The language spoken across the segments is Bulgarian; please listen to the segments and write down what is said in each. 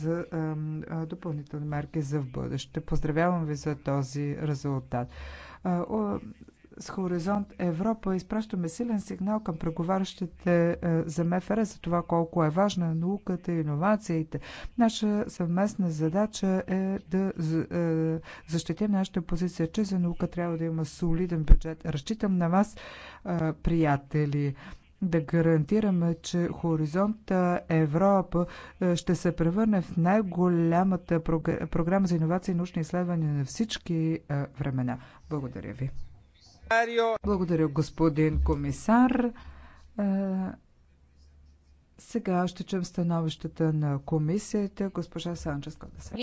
за допълнителни мерки за в бъдеще. Поздравявам ви за този резултат. С Хоризонт Европа изпращаме силен сигнал към преговарящите за МФР за това колко е важна науката и иновациите. Наша съвместна задача е да защитим нашата позиция, че за наука трябва да има солиден бюджет. Разчитам на вас, приятели да гарантираме, че Хоризонт Европа е, ще се превърне в най-голямата програма за иновации и научни изследвания на всички е, времена. Благодаря ви. Благодаря, господин комисар. Е, сега ще чуем становищата на комисията. Госпожа Санчес Кодаса.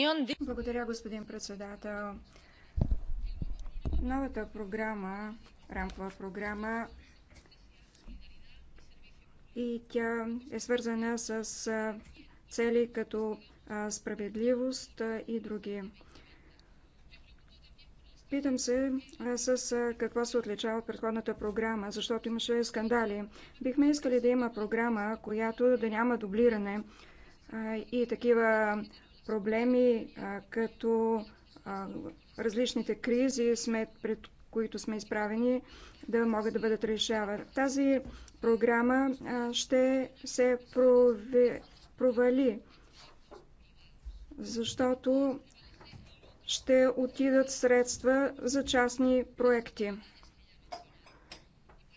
Благодаря, господин председател. Новата програма, рамкова програма, и тя е свързана с цели като справедливост и други. Питам се с какво се отличава от предходната програма, защото имаше скандали. Бихме искали да има програма, която да няма дублиране и такива проблеми като различните кризи, пред които сме изправени, да могат да бъдат решавани. Тази програма ще се провали, защото ще отидат средства за частни проекти.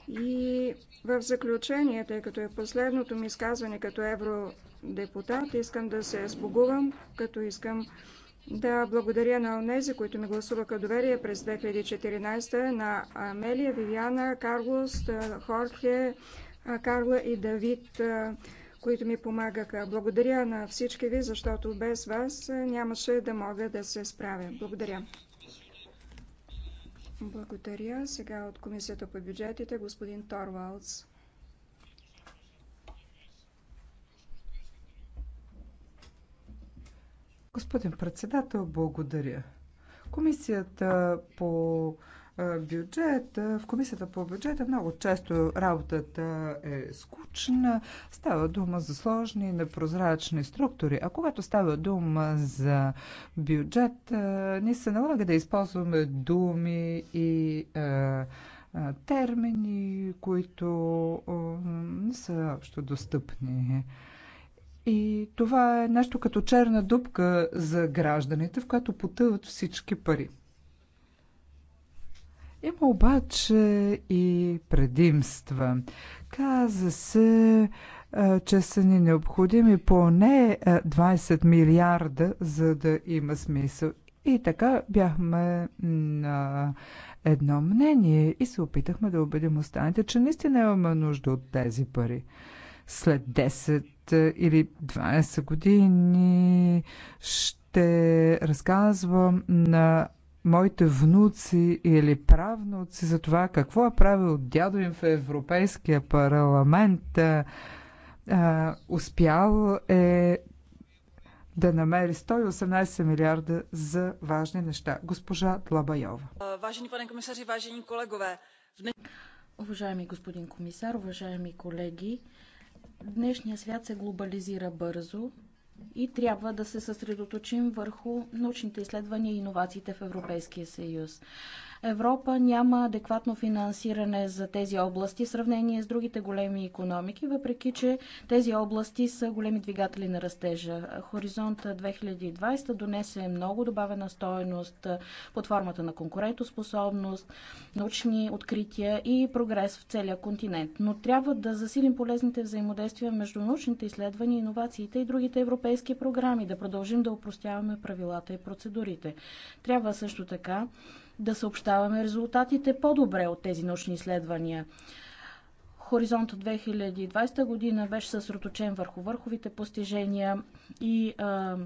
И в заключение, тъй като е последното ми изказване като евродепутат, искам да се сбогувам, като искам да благодаря на онези, които ми гласуваха доверие през 2014, на Амелия, Вивиана, Карлос, Хорхе, Карла и Давид, които ми помагаха. Благодаря на всички ви, защото без вас нямаше да мога да се справя. Благодаря. Благодаря. Сега от Комисията по бюджетите господин Торвалдс. Господин председател, благодаря. Комисията по бюджет, в комисията по бюджета много често работата е скучна, става дума за сложни, непрозрачни структури. А когато става дума за бюджет, ни се налага да използваме думи и е, термини, които не са общо достъпни. И това е нещо като черна дупка за гражданите, в която потъват всички пари. Има обаче и предимства. Каза се, че са ни необходими поне 20 милиарда, за да има смисъл. И така бяхме на едно мнение и се опитахме да убедим останалите, че наистина имаме нужда от тези пари след 10 е, или 20 години ще разказвам на моите внуци или правнуци за това какво е правил дядо им в Европейския парламент. А, е, е, успял е да намери 118 милиарда за важни неща. Госпожа Длабайова. Важени пане комисари, важени колегове. Уважаеми господин комисар, уважаеми колеги, Днешният свят се глобализира бързо и трябва да се съсредоточим върху научните изследвания и иновациите в Европейския съюз. Европа няма адекватно финансиране за тези области в сравнение с другите големи економики, въпреки че тези области са големи двигатели на растежа. Хоризонт 2020 донесе много добавена стоеност под формата на конкурентоспособност, научни открития и прогрес в целия континент. Но трябва да засилим полезните взаимодействия между научните изследвания, иновациите и другите европейски програми, да продължим да упростяваме правилата и процедурите. Трябва също така да съобщаваме резултатите по-добре от тези научни изследвания. Хоризонт 2020 година беше съсредоточен върху върховите постижения и а,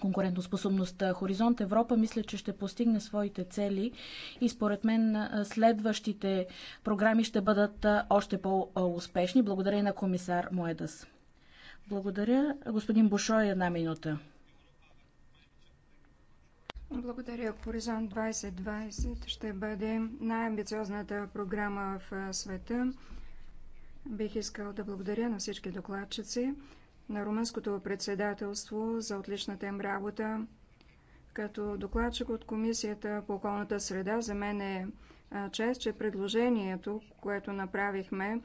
конкурентоспособността. Хоризонт Европа мисля, че ще постигне своите цели и според мен следващите програми ще бъдат още по-успешни. Благодаря и на комисар Моедас. Благодаря. Господин Бушой, една минута. Благодаря. Хоризонт 2020 ще бъде най-амбициозната програма в света. Бих искал да благодаря на всички докладчици, на румънското председателство за отличната им работа. Като докладчик от Комисията по околната среда, за мен е чест, че предложението, което направихме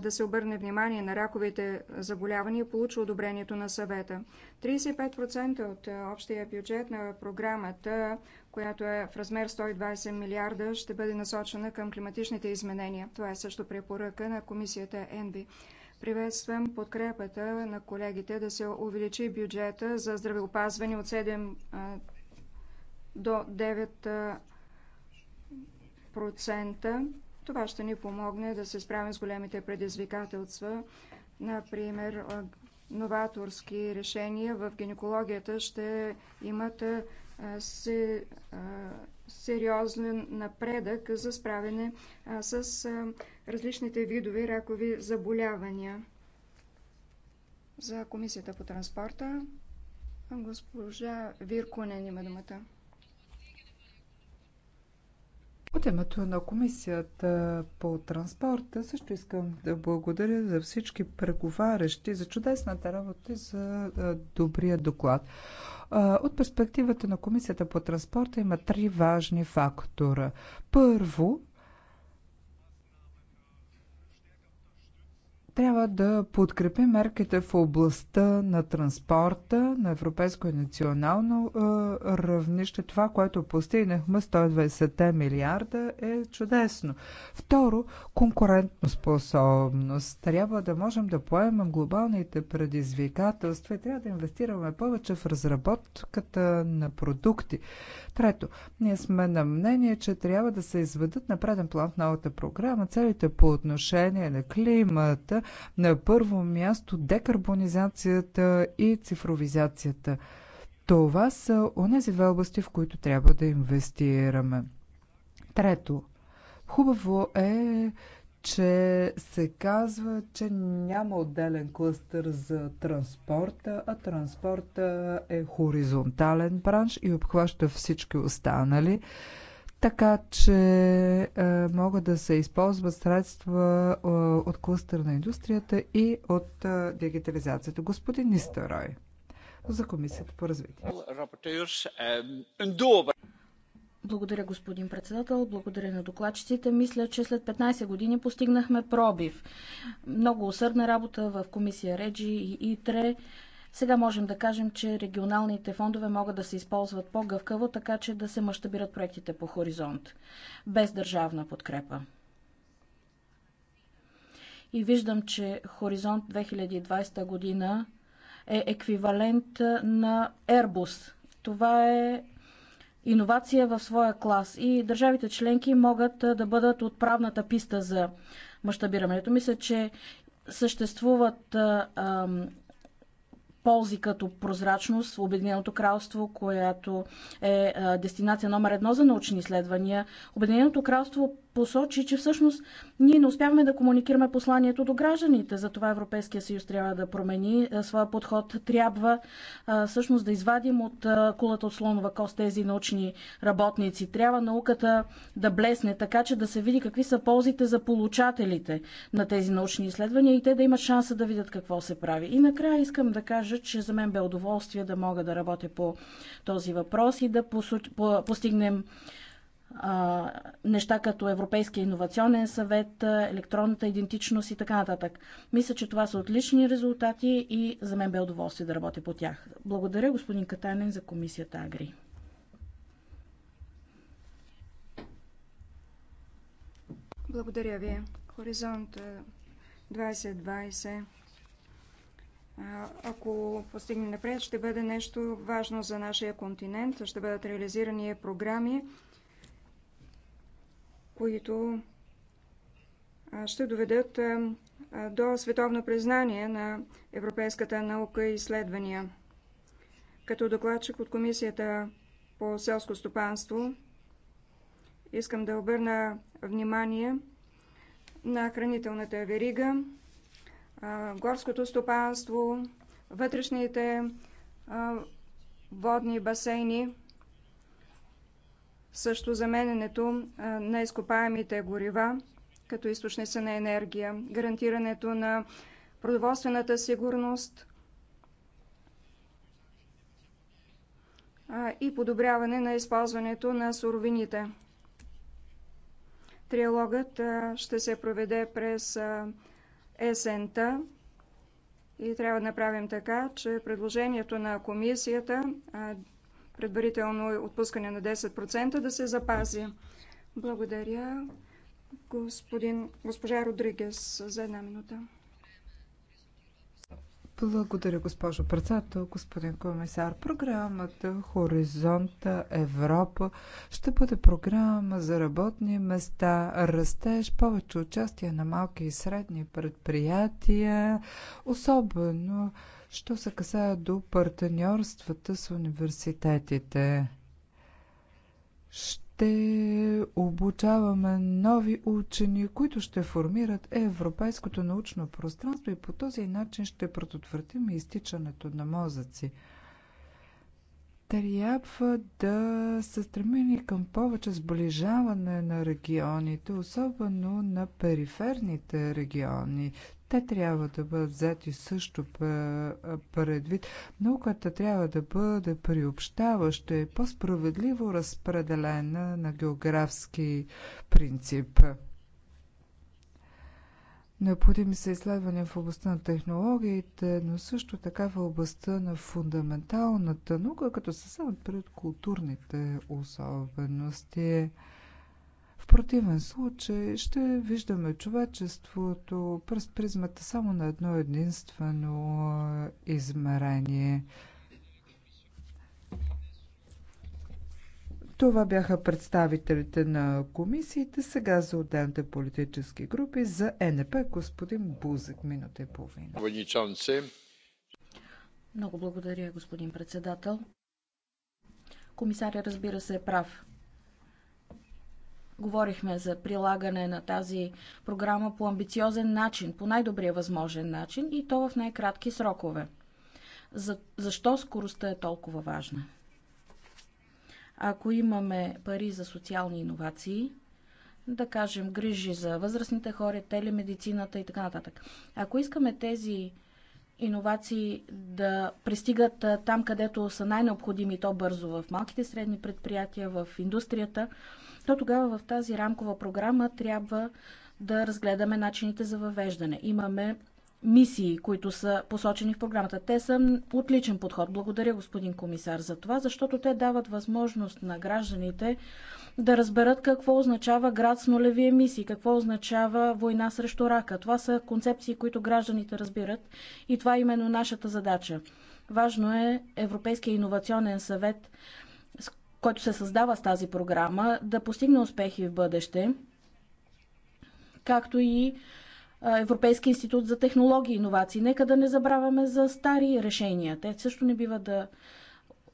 да се обърне внимание на раковите заболявания, получи одобрението на съвета. 35% от общия бюджет на програмата, която е в размер 120 милиарда, ще бъде насочена към климатичните изменения. Това е също препоръка на комисията ЕНВИ. Приветствам подкрепата на колегите да се увеличи бюджета за здравеопазване от 7 до 9 5%. Това ще ни помогне да се справим с големите предизвикателства. Например, новаторски решения в гинекологията ще имат сериозен напредък за справяне с различните видови ракови заболявания. За Комисията по транспорта госпожа Вирконен има думата. От името на Комисията по транспорта също искам да благодаря за всички преговарящи, за чудесната работа и за добрия доклад. От перспективата на Комисията по транспорта има три важни фактора. Първо, трябва да подкрепи мерките в областта на транспорта на европейско и национално равнище. Това, което постигнахме 120 милиарда е чудесно. Второ, конкурентоспособност. Трябва да можем да поемем глобалните предизвикателства и трябва да инвестираме повече в разработката на продукти. Трето, ние сме на мнение, че трябва да се изведат на преден план в новата програма целите по отношение на климата на първо място декарбонизацията и цифровизацията. Това са онези две области, в които трябва да инвестираме. Трето, хубаво е, че се казва, че няма отделен клъстър за транспорта, а транспорта е хоризонтален бранш и обхваща всички останали така че е, могат да се използват средства е, от клъстър на индустрията и от е, дигитализацията. Господин Нистерой, за Комисията по развитие. Благодаря, господин председател. Благодаря на докладчиците. Мисля, че след 15 години постигнахме пробив. Много усърдна работа в комисия Реджи и ИТРЕ сега можем да кажем, че регионалните фондове могат да се използват по-гъвкаво, така че да се мащабират проектите по хоризонт, без държавна подкрепа. И виждам, че Хоризонт 2020 година е еквивалент на Airbus. Това е иновация в своя клас и държавите членки могат да бъдат отправната писта за мащабирането. Мисля, че съществуват а, а, ползи като прозрачност в Обединеното кралство, която е дестинация номер едно за научни изследвания. Обединеното кралство посочи, че всъщност ние не успяваме да комуникираме посланието до гражданите. Затова Европейския съюз трябва да промени своя подход. Трябва всъщност да извадим от кулата от слонова кост тези научни работници. Трябва науката да блесне, така че да се види какви са ползите за получателите на тези научни изследвания и те да имат шанса да видят какво се прави. И накрая искам да кажа, че за мен бе удоволствие да мога да работя по този въпрос и да постигнем неща като Европейския инновационен съвет, електронната идентичност и така нататък. Мисля, че това са отлични резултати и за мен бе удоволствие да работя по тях. Благодаря господин Катанен за комисията Агри. Благодаря ви. Хоризонт 2020. Ако постигнем напред, ще бъде нещо важно за нашия континент. Ще бъдат реализирани програми, които ще доведат до световно признание на европейската наука и изследвания. Като докладчик от Комисията по селско стопанство искам да обърна внимание на хранителната верига, горското стопанство, вътрешните водни басейни – също замененето на изкопаемите горива като източници на енергия, гарантирането на продоволствената сигурност и подобряване на използването на суровините. Триалогът ще се проведе през есента и трябва да направим така, че предложението на комисията предварително отпускане на 10% да се запази. Благодаря господин, госпожа Родригес за една минута. Благодаря, госпожо председател, господин комисар. Програмата Хоризонта Европа ще бъде програма за работни места, растеж, повече участие на малки и средни предприятия, особено Що се касае до партньорствата с университетите, ще обучаваме нови учени, които ще формират европейското научно пространство и по този начин ще предотвратим изтичането на мозъци. Трябва да се стремим към повече сближаване на регионите, особено на периферните региони. Те трябва да бъдат взети също предвид. Науката трябва да бъде приобщаваща и по-справедливо разпределена на географски принцип. Необходими са изследвания в областта на технологиите, но също така в областта на фундаменталната наука, като се вземат пред културните особености. В противен случай ще виждаме човечеството през призмата само на едно единствено е, измерение. Това бяха представителите на комисиите. Сега за отделните политически групи. За НП господин Бузък, минута и половина. Много благодаря, господин председател. Комисаря, разбира се, е прав Говорихме за прилагане на тази програма по амбициозен начин, по най-добрия възможен начин и то в най-кратки срокове. За, защо скоростта е толкова важна? Ако имаме пари за социални иновации, да кажем, грижи за възрастните хора, телемедицината и така нататък. Ако искаме тези иновации да пристигат там, където са най-необходими, то бързо в малките средни предприятия, в индустрията, то тогава в тази рамкова програма трябва да разгледаме начините за въвеждане. Имаме мисии, които са посочени в програмата. Те са отличен подход. Благодаря, господин комисар, за това, защото те дават възможност на гражданите да разберат какво означава град с нулеви емисии, какво означава война срещу рака. Това са концепции, които гражданите разбират и това е именно нашата задача. Важно е Европейския иновационен съвет който се създава с тази програма, да постигне успехи в бъдеще, както и Европейски институт за технологии и иновации. Нека да не забравяме за стари решения. Те също не бива да,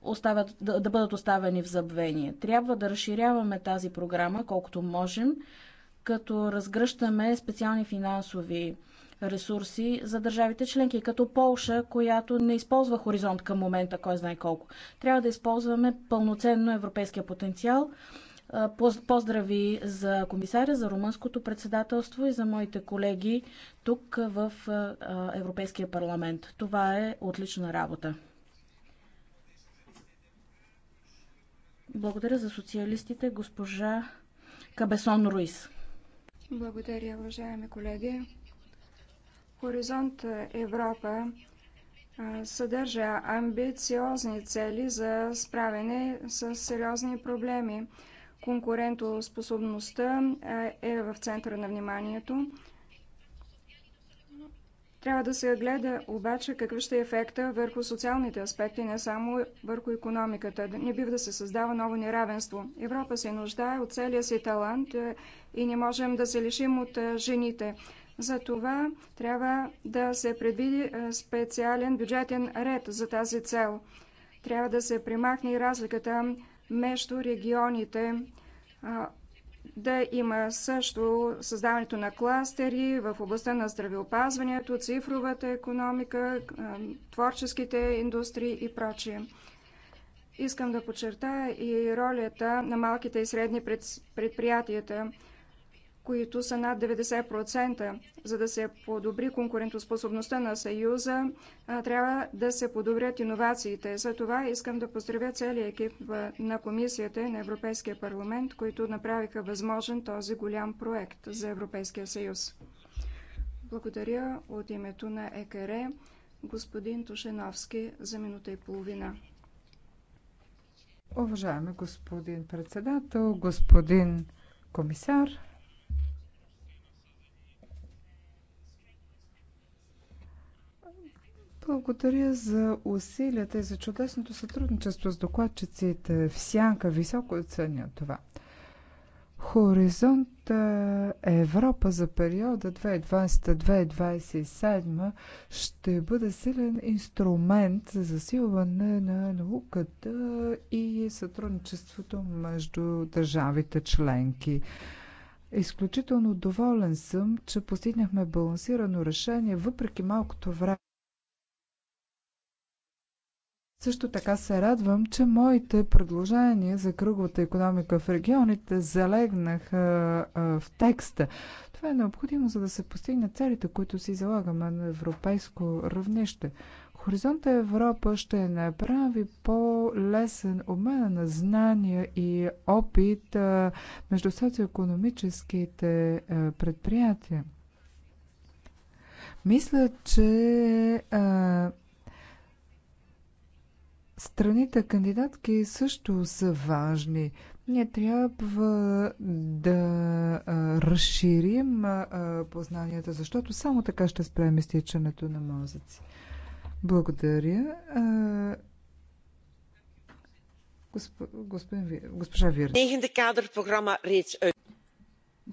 оставят, да, да бъдат оставени в забвение. Трябва да разширяваме тази програма колкото можем, като разгръщаме специални финансови ресурси за държавите членки, като Полша, която не използва хоризонт към момента, кой знае колко. Трябва да използваме пълноценно европейския потенциал. Поздрави за комисаря, за румънското председателство и за моите колеги тук в Европейския парламент. Това е отлична работа. Благодаря за социалистите, госпожа Кабесон Руис. Благодаря, уважаеми колеги. Хоризонт Европа съдържа амбициозни цели за справяне с сериозни проблеми. Конкурентоспособността е в центъра на вниманието. Трябва да се гледа обаче какъв ще е ефекта върху социалните аспекти, не само върху економиката. Не бива да се създава ново неравенство. Европа се нуждае от целия си талант и не можем да се лишим от жените. За това трябва да се предвиди е, специален бюджетен ред за тази цел. Трябва да се примахне и разликата между регионите, е, да има също създаването на кластери в областта на здравеопазването, цифровата економика, е, творческите индустрии и прочие. Искам да подчертая и ролята на малките и средни предприятията които са над 90%. За да се подобри конкурентоспособността на Съюза, трябва да се подобрят иновациите. За това искам да поздравя целият екип на Комисията и на Европейския парламент, които направиха възможен този голям проект за Европейския съюз. Благодаря от името на ЕКР господин Тушеновски за минута и половина. Уважаеми господин председател, господин комисар, Благодаря за усилията и за чудесното сътрудничество с докладчиците. В Сянка високо оценя това. Хоризонт е, Европа за периода 2020-2027 ще бъде силен инструмент за засилване на науката и сътрудничеството между държавите членки. Изключително доволен съм, че постигнахме балансирано решение, въпреки малкото време също така се радвам, че моите предложения за кръговата економика в регионите залегнаха в текста. Това е необходимо, за да се постигнат целите, които си залагаме на европейско равнище. Хоризонта Европа ще направи по-лесен обмен на знания и опит между социоекономическите предприятия. Мисля, че а, Страните кандидатки също са важни. Ние трябва да разширим познанията, защото само така ще спрем изтичането на мозъци. Благодаря. Госп... Господин... госпожа Вирс,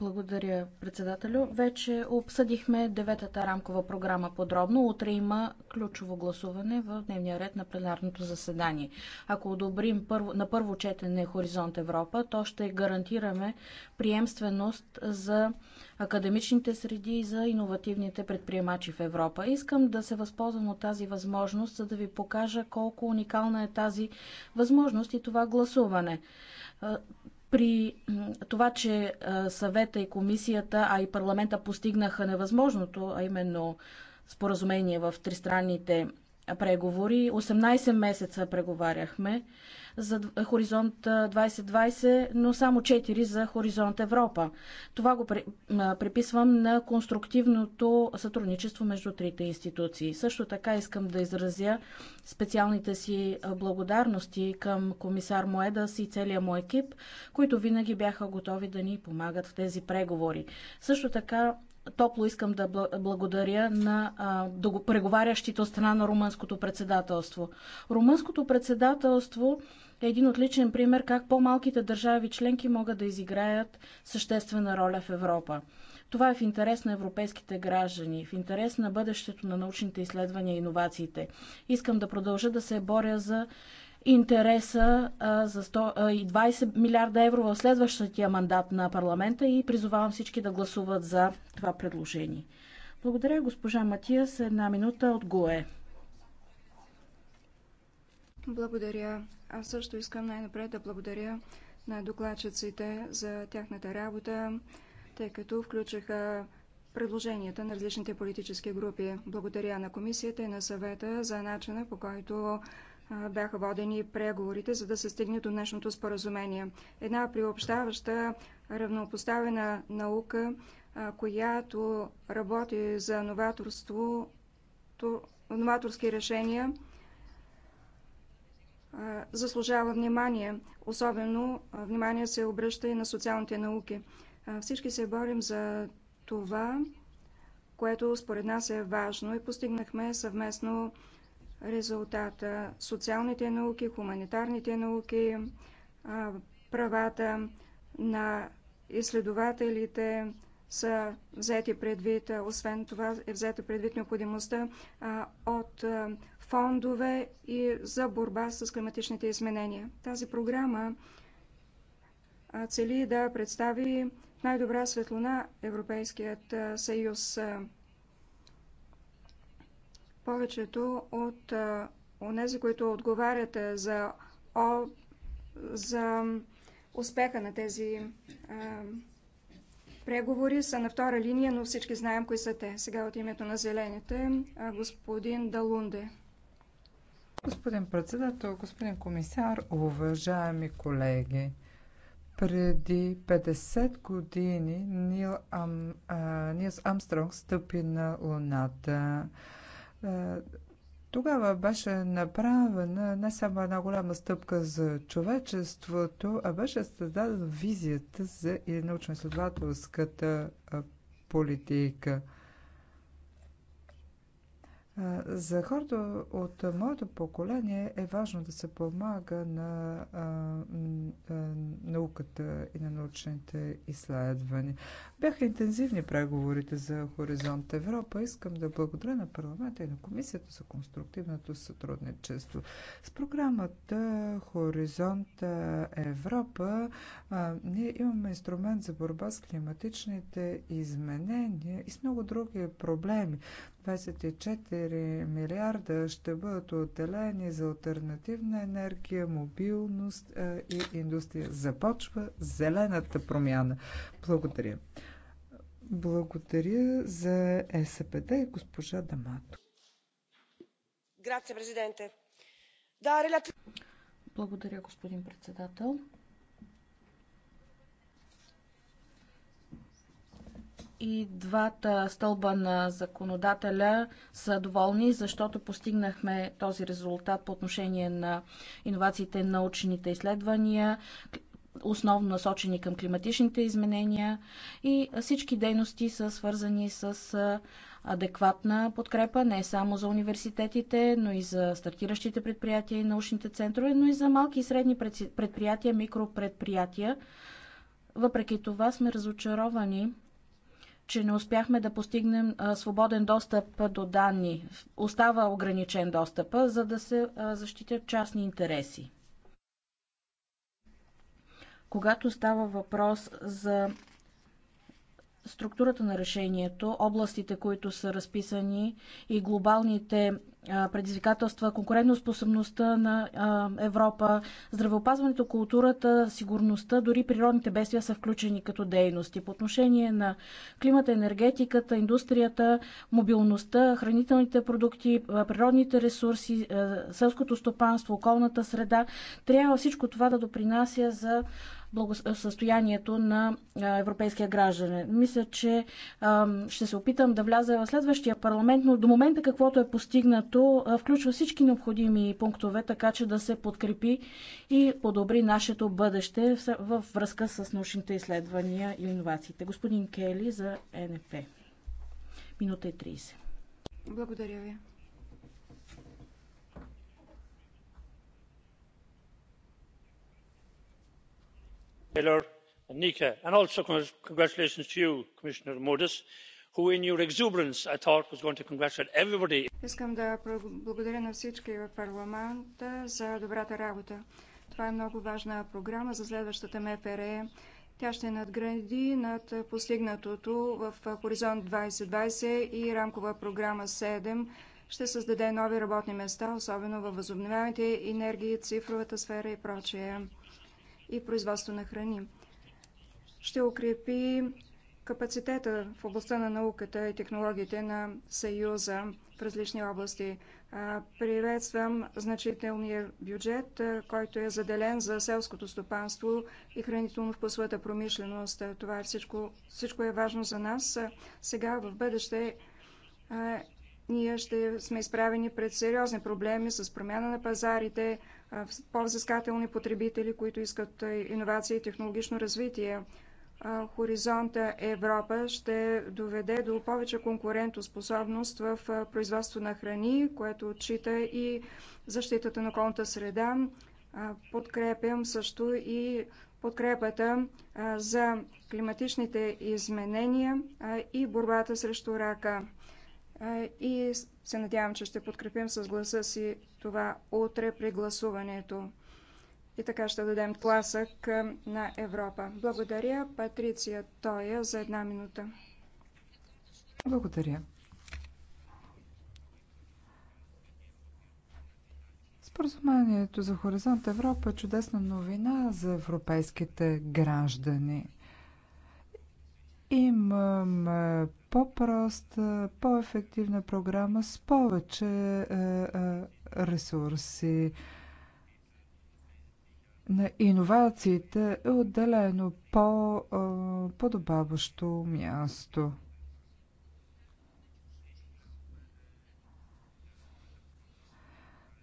благодаря, председателю. Вече обсъдихме деветата рамкова програма подробно. Утре има ключово гласуване в дневния ред на пленарното заседание. Ако одобрим първо, на първо четене Хоризонт Европа, то ще гарантираме приемственост за академичните среди и за иновативните предприемачи в Европа. Искам да се възползвам от тази възможност, за да ви покажа колко уникална е тази възможност и това гласуване при това, че съвета и комисията, а и парламента постигнаха невъзможното, а именно споразумение в тристранните преговори. 18 месеца преговаряхме за Хоризонт 2020, но само 4 за Хоризонт Европа. Това го приписвам на конструктивното сътрудничество между трите институции. Също така искам да изразя специалните си благодарности към комисар Моедас и целия му екип, които винаги бяха готови да ни помагат в тези преговори. Също така топло искам да благодаря на преговарящите от страна на румънското председателство. Румънското председателство е един отличен пример как по-малките държави членки могат да изиграят съществена роля в Европа. Това е в интерес на европейските граждани, в интерес на бъдещето на научните изследвания и иновациите. Искам да продължа да се боря за интереса а, за 120 милиарда евро в следващия мандат на парламента и призовавам всички да гласуват за това предложение. Благодаря, госпожа с Една минута от ГОЕ. Благодаря. Аз също искам най-напред да благодаря на докладчиците за тяхната работа, тъй като включиха предложенията на различните политически групи. Благодаря на комисията и на съвета за начина по който бяха водени преговорите, за да се стигне до днешното споразумение. Една приобщаваща равнопоставена наука, която работи за новаторство, новаторски решения, заслужава внимание. Особено внимание се обръща и на социалните науки. Всички се борим за това, което според нас е важно и постигнахме съвместно резултата. Социалните науки, хуманитарните науки, правата на изследователите са взети предвид. Освен това е взета предвид необходимостта от фондове и за борба с климатичните изменения. Тази програма цели да представи най-добра светлона, Европейският съюз повечето от онези, които отговарят за, о, за успеха на тези а, преговори, са на втора линия, но всички знаем кои са те. Сега от името на зелените, господин Далунде. Господин председател, господин комисар, уважаеми колеги, преди 50 години Нил Ам, а, Нилс Амстронг стъпи на Луната. Е, тогава беше направена не само една голяма стъпка за човечеството, а беше създадена визията за и научно-изследователската политика. Е, за хората от моето поколение е важно да се помага на науката и на научните изследвания. Бяха интензивни преговорите за Хоризонт Европа. Искам да благодаря на парламента и на комисията за конструктивното сътрудничество. С програмата Хоризонт Европа а, ние имаме инструмент за борба с климатичните изменения и с много други проблеми. 24 милиарда ще бъдат отделени за альтернативна енергия, мобилност а, и индустрия. Започва зелената промяна. Благодаря. Благодаря за СПД, госпожа Дамато. Благодаря, господин председател. и двата стълба на законодателя са доволни, защото постигнахме този резултат по отношение на иновациите, научните изследвания, основно насочени към климатичните изменения и всички дейности са свързани с адекватна подкрепа не само за университетите, но и за стартиращите предприятия и научните центрове, но и за малки и средни предприятия, микропредприятия. Въпреки това сме разочаровани че не успяхме да постигнем свободен достъп до данни. Остава ограничен достъпа, за да се защитят частни интереси. Когато става въпрос за структурата на решението, областите, които са разписани и глобалните предизвикателства, конкурентоспособността на Европа, здравеопазването, културата, сигурността, дори природните бедствия са включени като дейности. По отношение на климата, енергетиката, индустрията, мобилността, хранителните продукти, природните ресурси, селското стопанство, околната среда, трябва всичко това да допринася за състоянието на европейския гражданин. Мисля, че ще се опитам да вляза в следващия парламент, но до момента каквото е постигнато Предложението включва всички необходими пунктове, така че да се подкрепи и подобри нашето бъдеще във връзка с научните изследвания и иновациите. Господин Кели за НП. Минута и 30. Благодаря ви. Taylor and and also congratulations to you, Commissioner Modis who in your exuberance I thought was going to congratulate everybody. Искам да благодаря на всички в парламента за добрата работа. Това е много важна програма за следващата МФР. Тя ще надгради над постигнатото в Хоризонт 2020 и рамкова програма 7 ще създаде нови работни места, особено във възобновяемите енергии, цифровата сфера и прочее и производство на храни. Ще укрепи капацитета в областта на науката и технологиите на Съюза в различни области. Приветствам значителния бюджет, който е заделен за селското стопанство и хранително-вкусовата промишленост. Това е всичко, всичко е важно за нас. Сега в бъдеще ние ще сме изправени пред сериозни проблеми с промяна на пазарите, по-взискателни потребители, които искат иновации и технологично развитие. Хоризонта Европа ще доведе до повече конкурентоспособност в производство на храни, което отчита и защитата на околната среда. Подкрепям също и подкрепата за климатичните изменения и борбата срещу рака. И се надявам, че ще подкрепим с гласа си това утре при гласуването и така ще дадем тласък на Европа. Благодаря Патриция Тоя за една минута. Благодаря. Споразумението за Хоризонт Европа е чудесна новина за европейските граждани. Имам по-проста, по-ефективна програма с повече ресурси на иновациите е отделено по, по-добаващо място.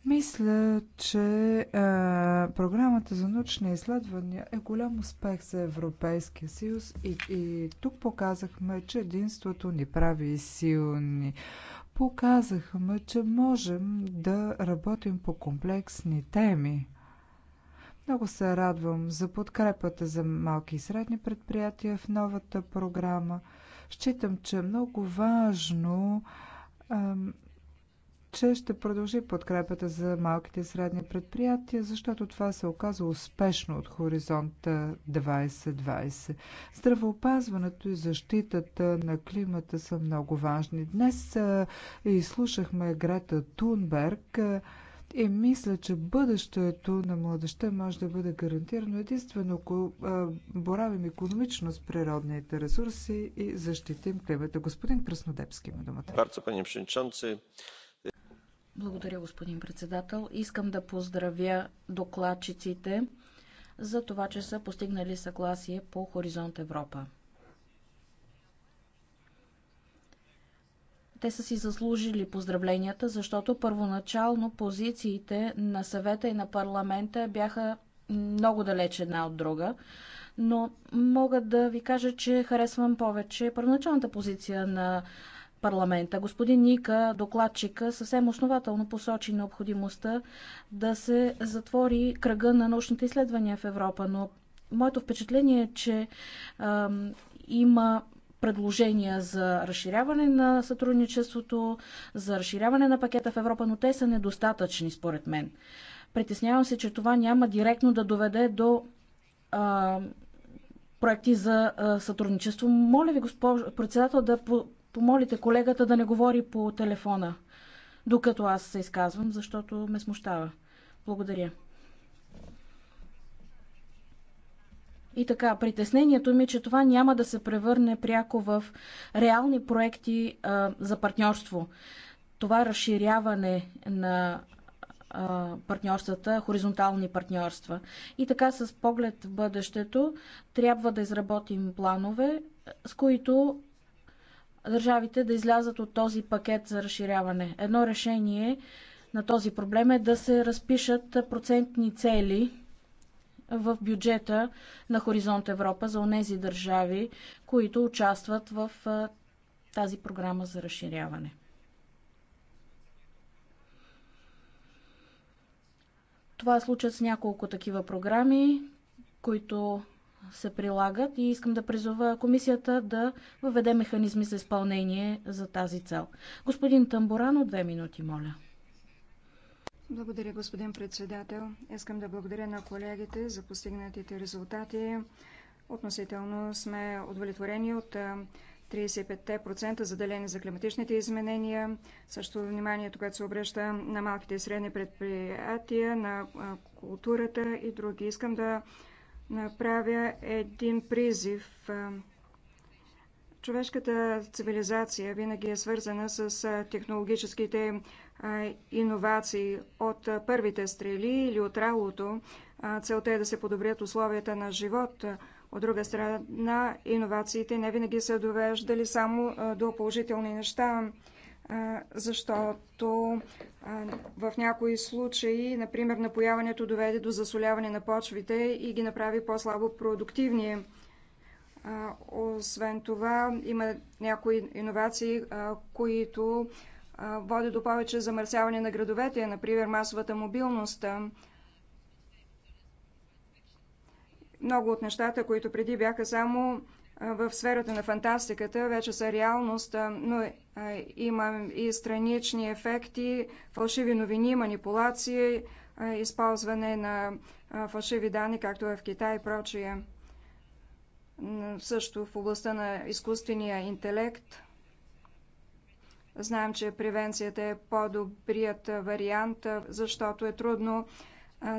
Мисля, че а, програмата за научни изследвания е голям успех за Европейския съюз и, и тук показахме, че единството ни прави силни. Показахме, че можем да работим по комплексни теми. Много се радвам за подкрепата за малки и средни предприятия в новата програма. Считам, че е много важно че ще продължи подкрепата за малките и средни предприятия, защото това се оказа успешно от хоризонта 2020. Здравеопазването и защитата на климата са много важни. Днес изслушахме Грета Тунберг, и мисля, че бъдещето на младеща може да бъде гарантирано единствено, ако боравим економично с природните ресурси и защитим климата. Господин Краснодепски има думата. Благодаря, господин председател. Искам да поздравя докладчиците за това, че са постигнали съгласие по Хоризонт Европа. Те са си заслужили поздравленията, защото първоначално позициите на съвета и на парламента бяха много далеч една от друга. Но мога да ви кажа, че харесвам повече първоначалната позиция на парламента. Господин Ника, докладчика, съвсем основателно посочи необходимостта да се затвори кръга на научните изследвания в Европа, но моето впечатление е, че а, има предложения за разширяване на сътрудничеството, за разширяване на пакета в Европа, но те са недостатъчни, според мен. Притеснявам се, че това няма директно да доведе до а, проекти за а, сътрудничество. Моля ви, госпожо председател, да по помолите колегата да не говори по телефона, докато аз се изказвам, защото ме смущава. Благодаря. И така, притеснението ми е, че това няма да се превърне пряко в реални проекти а, за партньорство. Това разширяване на партньорствата, хоризонтални партньорства. И така с поглед в бъдещето трябва да изработим планове, с които държавите да излязат от този пакет за разширяване. Едно решение на този проблем е да се разпишат процентни цели в бюджета на Хоризонт Европа за онези държави, които участват в тази програма за разширяване. Това е случат с няколко такива програми, които се прилагат и искам да призова комисията да въведе механизми за изпълнение за тази цел. Господин Тамборано, две минути, моля. Благодаря, господин председател. Искам да благодаря на колегите за постигнатите резултати. Относително сме удовлетворени от 35% заделени за климатичните изменения, също вниманието, което се обръща на малките и средни предприятия, на културата и други. Искам да направя един призив. Човешката цивилизация винаги е свързана с технологическите иновации от първите стрели или от ралото. Целта е да се подобрят условията на живот. От друга страна, иновациите не винаги са довеждали само до положителни неща, защото в някои случаи, например, напояването доведе до засоляване на почвите и ги направи по-слабо продуктивни. Освен това, има някои иновации, които води до повече замърсяване на градовете, например масовата мобилност. Много от нещата, които преди бяха само в сферата на фантастиката, вече са реалност, но има и странични ефекти, фалшиви новини, манипулации, използване на фалшиви данни, както е в Китай и прочие. Също в областта на изкуствения интелект – Знаем, че превенцията е по-добрият вариант, защото е трудно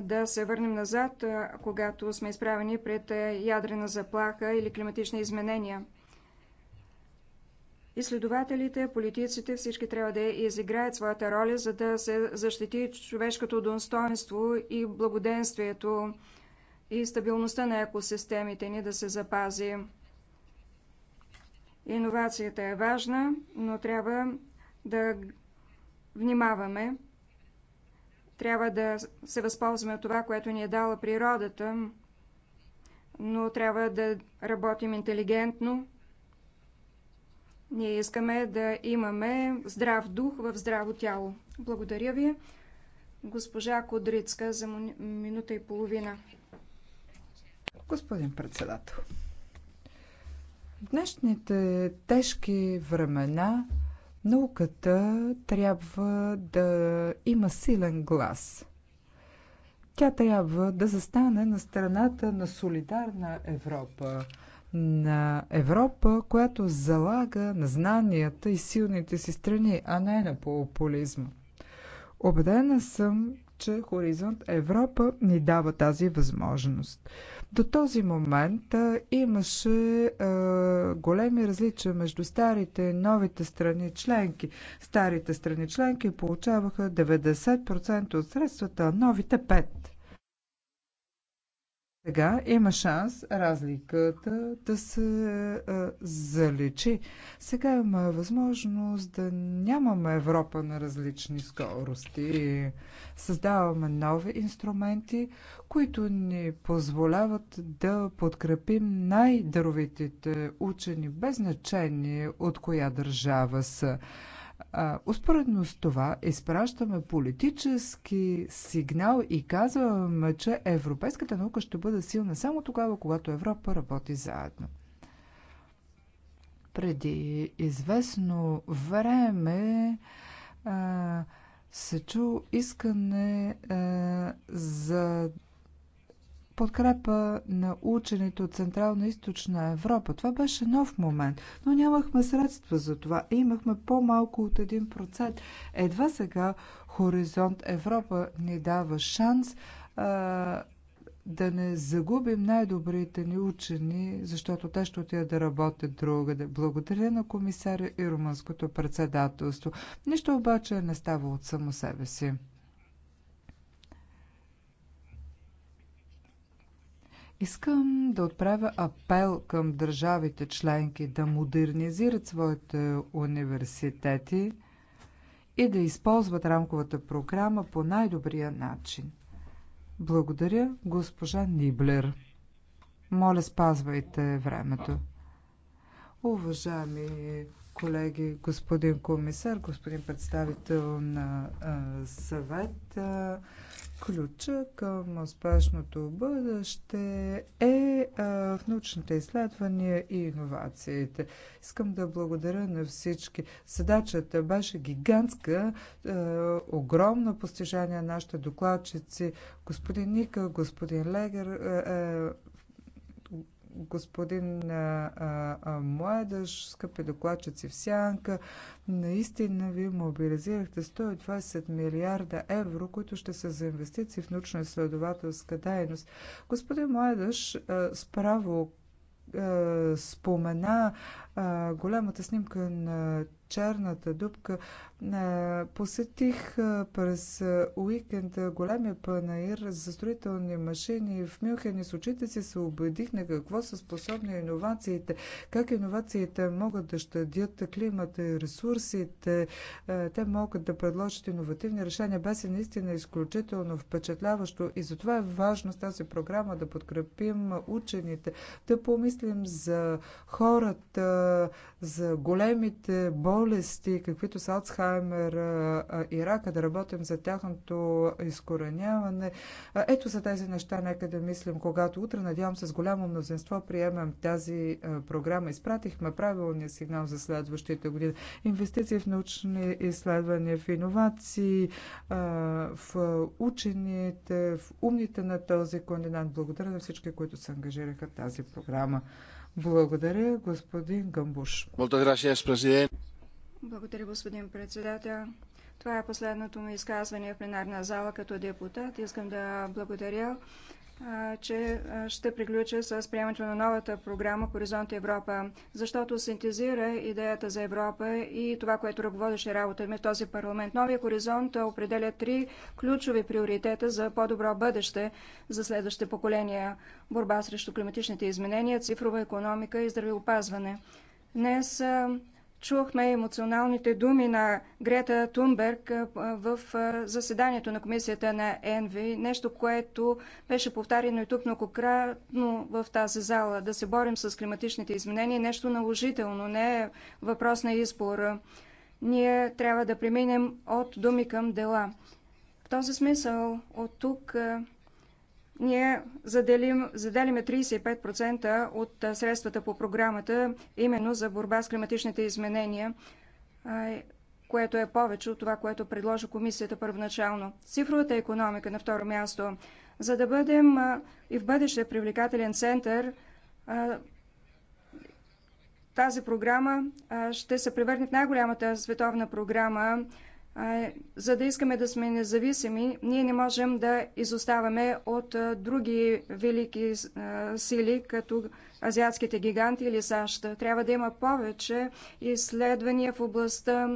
да се върнем назад, когато сме изправени пред ядрена заплаха или климатични изменения. Изследователите, политиците, всички трябва да изиграят своята роля, за да се защити човешкото достоинство и благоденствието и стабилността на екосистемите ни да се запази. Иновацията е важна, но трябва да внимаваме. Трябва да се възползваме от това, което ни е дала природата, но трябва да работим интелигентно. Ние искаме да имаме здрав дух в здраво тяло. Благодаря ви, госпожа Кодрицка, за минута и половина. Господин председател, в днешните тежки времена Науката трябва да има силен глас. Тя трябва да застане на страната на солидарна Европа, на Европа, която залага на знанията и силните си страни, а не на популизма. Обедена съм, че Хоризонт Европа ни дава тази възможност. До този момент а, имаше а, големи различия между старите и новите страни членки. Старите страни членки получаваха 90% от средствата, а новите сега има шанс разликата да се а, заличи. Сега има възможност да нямаме Европа на различни скорости. Създаваме нови инструменти, които ни позволяват да подкрепим най-даровитите учени, без значение от коя държава са. А, успоредно с това изпращаме политически сигнал и казваме, че европейската наука ще бъде силна само тогава, когато Европа работи заедно. Преди известно време а, се чу искане а, за подкрепа на учените от Централна и Източна Европа. Това беше нов момент, но нямахме средства за това. Имахме по-малко от 1%. Едва сега Хоризонт Европа ни дава шанс а, да не загубим най-добрите ни учени, защото те ще отидат да работят другаде. Благодаря на комисаря и румънското председателство. Нищо обаче не става от само себе си. Искам да отправя апел към държавите членки да модернизират своите университети и да използват рамковата програма по най-добрия начин. Благодаря, госпожа Ниблер. Моля, спазвайте времето. Уважаеми колеги, господин комисар, господин представител на съвет, Ключа към успешното бъдеще е в научните изследвания и иновациите. Искам да благодаря на всички. Задачата беше гигантска, огромно постижение на нашите докладчици, господин Ника, господин Легер, господин а, а, Младеж, скъпи докладчици в Сянка, наистина ви мобилизирахте 120 милиарда евро, които ще са за инвестиции в научно-изследователска дейност. Господин Младеж справо спомена голямата снимка на черната дупка. Е, посетих е, през уикенда големия панаир за строителни машини в Мюнхен и с очите си се убедих на какво са способни иновациите, как иновациите могат да щадят климата и ресурсите. Е, те могат да предложат иновативни решения. Беше наистина изключително впечатляващо и затова е важно с тази програма да подкрепим учените, да помислим за хората, за големите бой болести, каквито са Алцхаймер и рака, да работим за тяхното изкореняване. Ето за тези неща нека да мислим, когато утре, надявам се, с голямо мнозинство приемем тази програма. Изпратихме правилния сигнал за следващите години. Инвестиции в научни изследвания, в иновации, в учените, в умните на този континент. Благодаря на всички, които се ангажираха тази програма. Благодаря, господин Гамбуш. Благодаря, господин председател. Това е последното ми изказване в пленарна зала като депутат. Искам да благодаря, че ще приключа с приемането на новата програма Хоризонт Европа, защото синтезира идеята за Европа и това, което ръководеше работата ми в този парламент. Новия хоризонт определя три ключови приоритета за по-добро бъдеще за следващите поколения. Борба срещу климатичните изменения, цифрова економика и здравеопазване. Днес Чухме емоционалните думи на Грета Тунберг в заседанието на комисията на ЕНВИ, нещо, което беше повтарено и тук многократно в тази зала. Да се борим с климатичните изменения е нещо наложително, не е въпрос на избор. Ние трябва да преминем от думи към дела. В този смисъл от тук ние заделим, заделиме 35% от средствата по програмата именно за борба с климатичните изменения, което е повече от това, което предложи комисията първоначално. Цифровата економика на второ място. За да бъдем и в бъдеще привлекателен център, тази програма ще се превърне в най-голямата световна програма за да искаме да сме независими, ние не можем да изоставаме от други велики сили, като азиатските гиганти или САЩ. Трябва да има повече изследвания в областта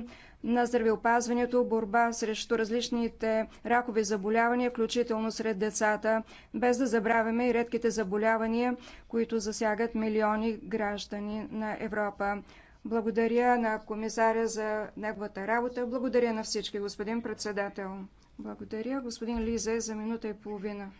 на здравеопазването, борба срещу различните ракови заболявания, включително сред децата, без да забравяме и редките заболявания, които засягат милиони граждани на Европа. Благодаря на комисаря за неговата работа. Благодаря на всички, господин председател. Благодаря, господин Лизе, за минута и половина.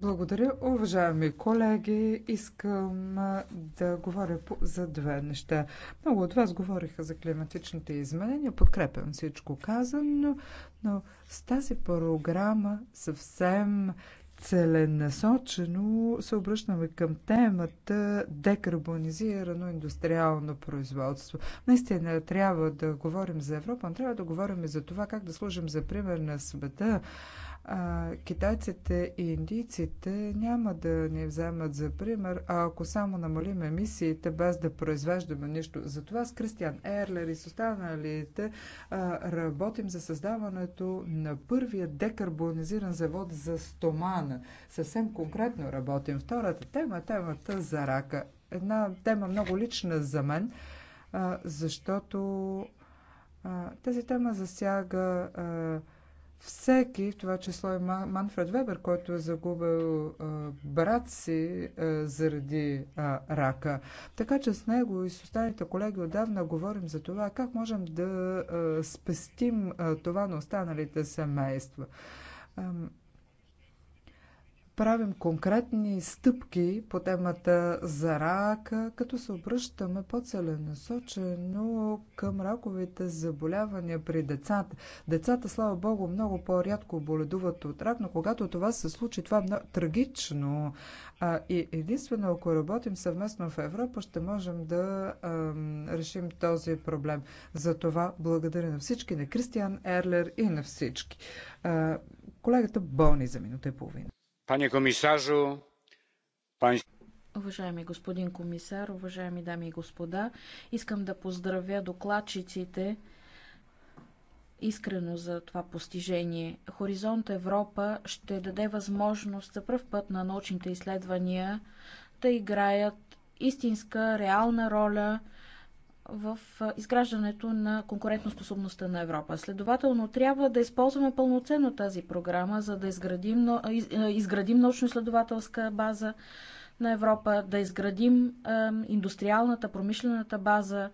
Благодаря, уважаеми колеги. Искам да говоря за две неща. Много от вас говориха за климатичните изменения. Подкрепям всичко казано, но с тази програма съвсем целенасочено се обръщаме към темата декарбонизирано индустриално производство. Наистина трябва да говорим за Европа, но трябва да говорим и за това как да служим за пример на света а, китайците и индийците няма да ни вземат за пример, а ако само намалим емисиите без да произвеждаме нищо. Затова с Кристиан Ерлер и с останалите а, работим за създаването на първия декарбонизиран завод за стомана. Съвсем конкретно работим. Втората тема е темата за рака. Една тема много лична за мен, а, защото а, тази тема засяга а, всеки, в това число и Манфред Вебер, който е загубил брат си заради рака. Така че с него и с останалите колеги отдавна говорим за това как можем да спестим това на останалите семейства правим конкретни стъпки по темата за рака, като се обръщаме по-целенасочено към раковите заболявания при децата. Децата, слава богу, много по-рядко боледуват от рак, но когато това се случи, това е много трагично. А, и единствено, ако работим съвместно в Европа, ще можем да а, решим този проблем. За това благодаря на всички, на Кристиан Ерлер и на всички. А, колегата болни за минута и половина. Пане комисажу, пан... Уважаеми господин комисар, уважаеми дами и господа, искам да поздравя докладчиците искрено за това постижение. Хоризонт Европа ще даде възможност за пръв път на научните изследвания да играят истинска, реална роля – в изграждането на конкурентоспособността на Европа. Следователно, трябва да използваме пълноценно тази програма, за да изградим, изградим научно-изследователска база на Европа, да изградим индустриалната, промишлената база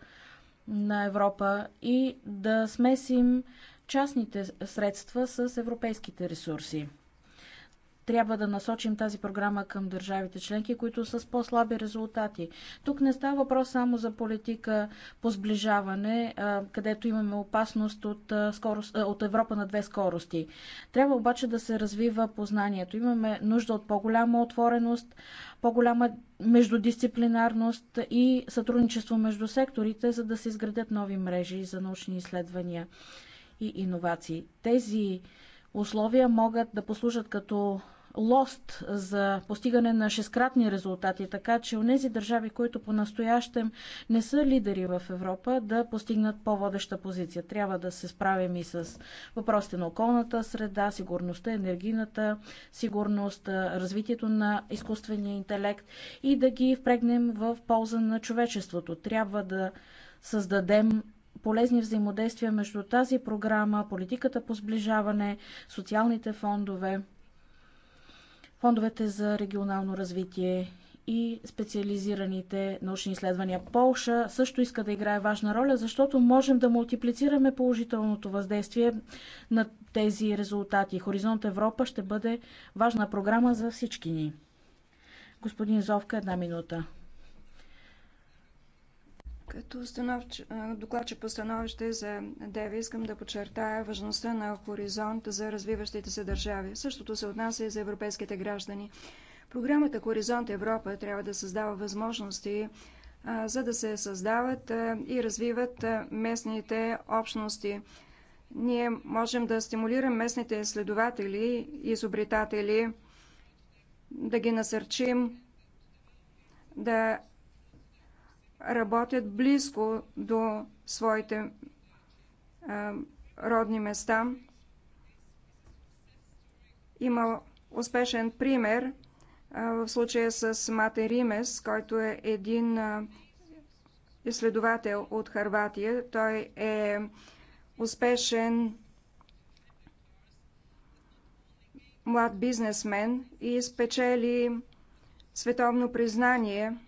на Европа и да смесим частните средства с европейските ресурси трябва да насочим тази програма към държавите членки, които са с по-слаби резултати. Тук не става въпрос само за политика по сближаване, където имаме опасност от, скорост, от Европа на две скорости. Трябва обаче да се развива познанието. Имаме нужда от по-голяма отвореност, по-голяма междудисциплинарност и сътрудничество между секторите, за да се изградят нови мрежи за научни изследвания и иновации. Тези условия могат да послужат като лост за постигане на шесткратни резултати, така че у нези държави, които по-настоящем не са лидери в Европа, да постигнат по-водеща позиция. Трябва да се справим и с въпросите на околната среда, сигурността, енергийната сигурност, развитието на изкуствения интелект и да ги впрегнем в полза на човечеството. Трябва да създадем полезни взаимодействия между тази програма, политиката по сближаване, социалните фондове, фондовете за регионално развитие и специализираните научни изследвания. Полша също иска да играе важна роля, защото можем да мултиплицираме положителното въздействие на тези резултати. Хоризонт Европа ще бъде важна програма за всички ни. Господин Зовка, една минута. Като станов... докладче по становище за ДЕВИ искам да подчертая важността на Хоризонт за развиващите се държави. Същото се отнася и за европейските граждани. Програмата Хоризонт Европа трябва да създава възможности за да се създават и развиват местните общности. Ние можем да стимулираме местните изследователи и изобретатели, да ги насърчим да работят близко до своите родни места. Има успешен пример в случая с Мате Римес, който е един изследовател от Харватия. Той е успешен млад бизнесмен и спечели световно признание –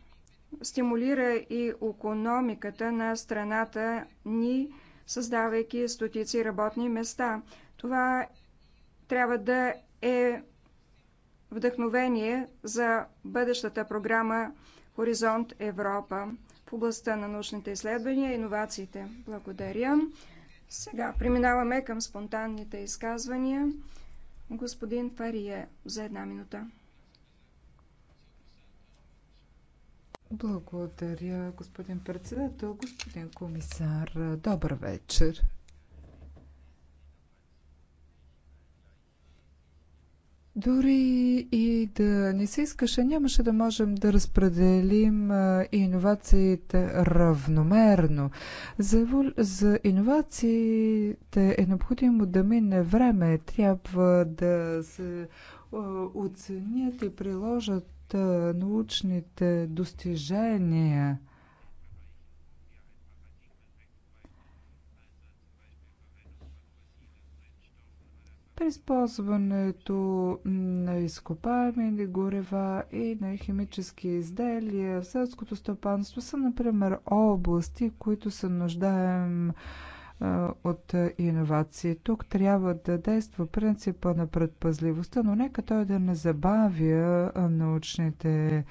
стимулира и економиката на страната ни, създавайки стотици работни места. Това трябва да е вдъхновение за бъдещата програма Хоризонт Европа в областта на научните изследвания и иновациите. Благодаря. Сега преминаваме към спонтанните изказвания. Господин Фарие, за една минута. Благодаря, господин председател, господин комисар. Добър вечер. Дори и да не се искаше, нямаше да можем да разпределим иновациите равномерно. За, за иновациите е необходимо да мине време. Трябва да се оценят и приложат научните достижения. при използването на изкопаеми горева и на химически изделия в селското стопанство са, например, области, които се нуждаем от иновации. Тук трябва да действа принципа на предпазливостта, но нека той да не забавя научните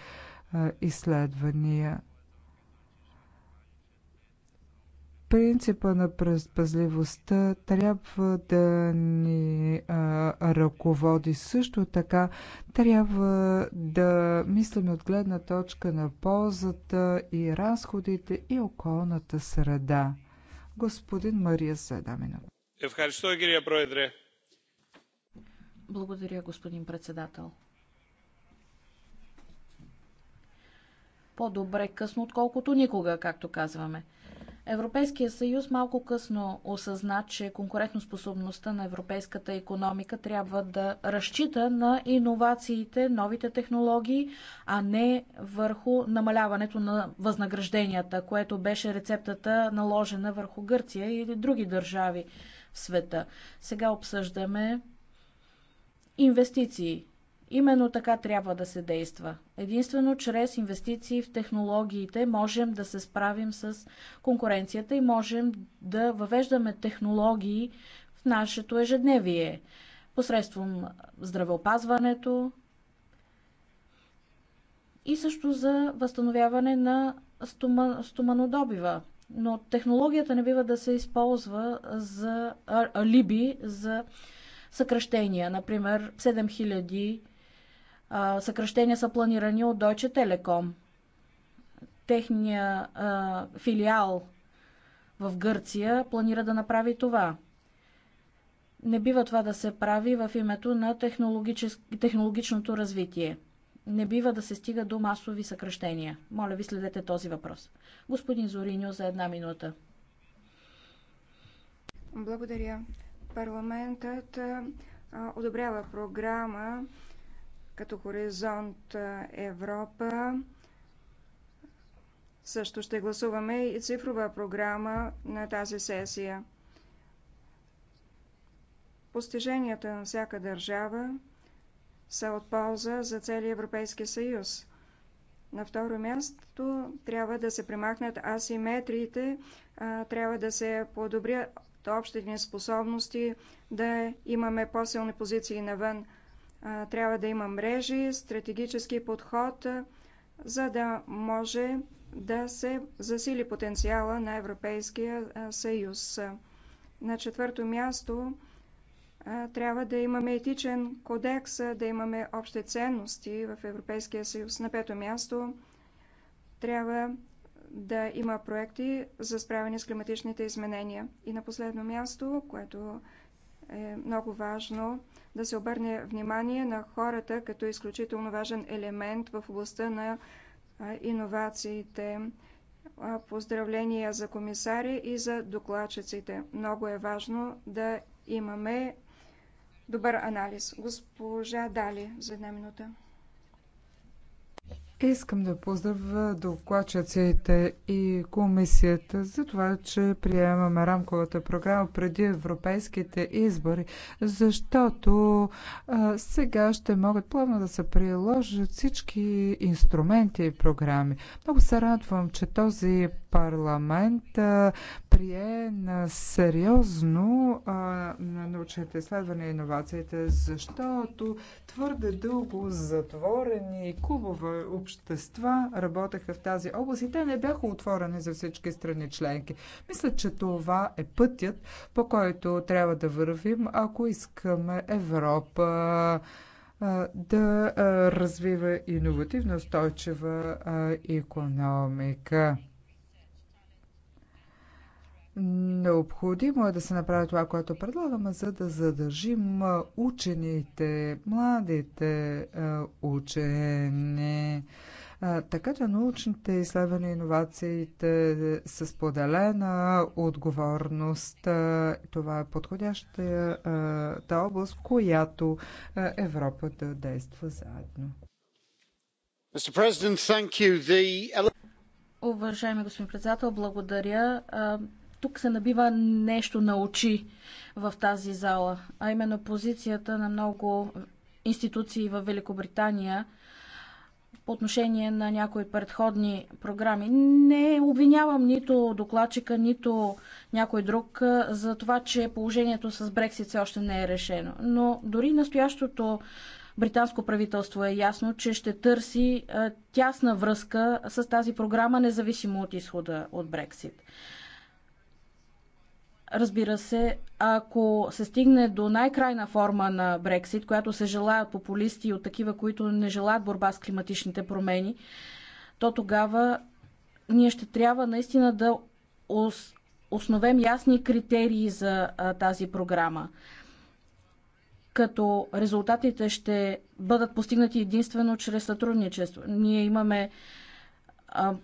изследвания. принципа на предпазливостта трябва да ни а, ръководи. Също така трябва да мислим от гледна точка на ползата и разходите и околната среда. Господин Мария за една минута. Благодаря, господин председател. По-добре късно, отколкото никога, както казваме. Европейския съюз малко късно осъзна, че конкурентоспособността на европейската економика трябва да разчита на иновациите, новите технологии, а не върху намаляването на възнагражденията, което беше рецептата наложена върху Гърция или други държави в света. Сега обсъждаме инвестиции Именно така трябва да се действа. Единствено чрез инвестиции в технологиите можем да се справим с конкуренцията и можем да въвеждаме технологии в нашето ежедневие посредством здравеопазването и също за възстановяване на стома, стоманодобива. Но технологията не бива да се използва за алиби за съкръщения. Например, 7000 съкръщения са планирани от Deutsche Telekom. Техния а, филиал в Гърция планира да направи това. Не бива това да се прави в името на технологичното развитие. Не бива да се стига до масови съкръщения. Моля ви, следете този въпрос. Господин Зориньо за една минута. Благодаря. Парламентът одобрява програма като Хоризонт Европа. Също ще гласуваме и цифрова програма на тази сесия. Постиженията на всяка държава са от полза за целия Европейски съюз. На второ място трябва да се примахнат асиметриите, трябва да се подобрят общите способности, да имаме по-силни позиции навън – трябва да има мрежи, стратегически подход, за да може да се засили потенциала на Европейския съюз. На четвърто място трябва да имаме етичен кодекс, да имаме общи ценности в Европейския съюз. На пето място трябва да има проекти за справяне с климатичните изменения. И на последно място, което е много важно да се обърне внимание на хората като изключително важен елемент в областта на иновациите. Поздравления за комисари и за докладчиците. Много е важно да имаме добър анализ. Госпожа Дали, за една минута. Искам да поздравя докладчиците и комисията за това, че приемаме рамковата програма преди европейските избори, защото а, сега ще могат плавно да се приложат всички инструменти и програми. Много се радвам, че този парламент прие на сериозно на научните изследвания и иновациите, защото твърде дълго затворени и кубове общества работеха в тази област и те не бяха отворени за всички страни членки. Мисля, че това е пътят, по който трябва да вървим, ако искаме Европа да развива иновативно устойчива економика. Необходимо е да се направи това, което предлагаме, за да задържим учените, младите учени. Така че научните изследвания и иновациите са споделена отговорност. Това е подходящата област, в която Европа да действа заедно. Уважаеми господин председател, благодаря тук се набива нещо на очи в тази зала, а именно позицията на много институции в Великобритания по отношение на някои предходни програми. Не обвинявам нито докладчика, нито някой друг за това, че положението с Брексит все още не е решено. Но дори настоящото британско правителство е ясно, че ще търси е, тясна връзка с тази програма, независимо от изхода от Брексит. Разбира се, ако се стигне до най-крайна форма на Брексит, която се желаят популисти и от такива, които не желаят борба с климатичните промени, то тогава ние ще трябва наистина да основем ясни критерии за тази програма като резултатите ще бъдат постигнати единствено чрез сътрудничество. Ние имаме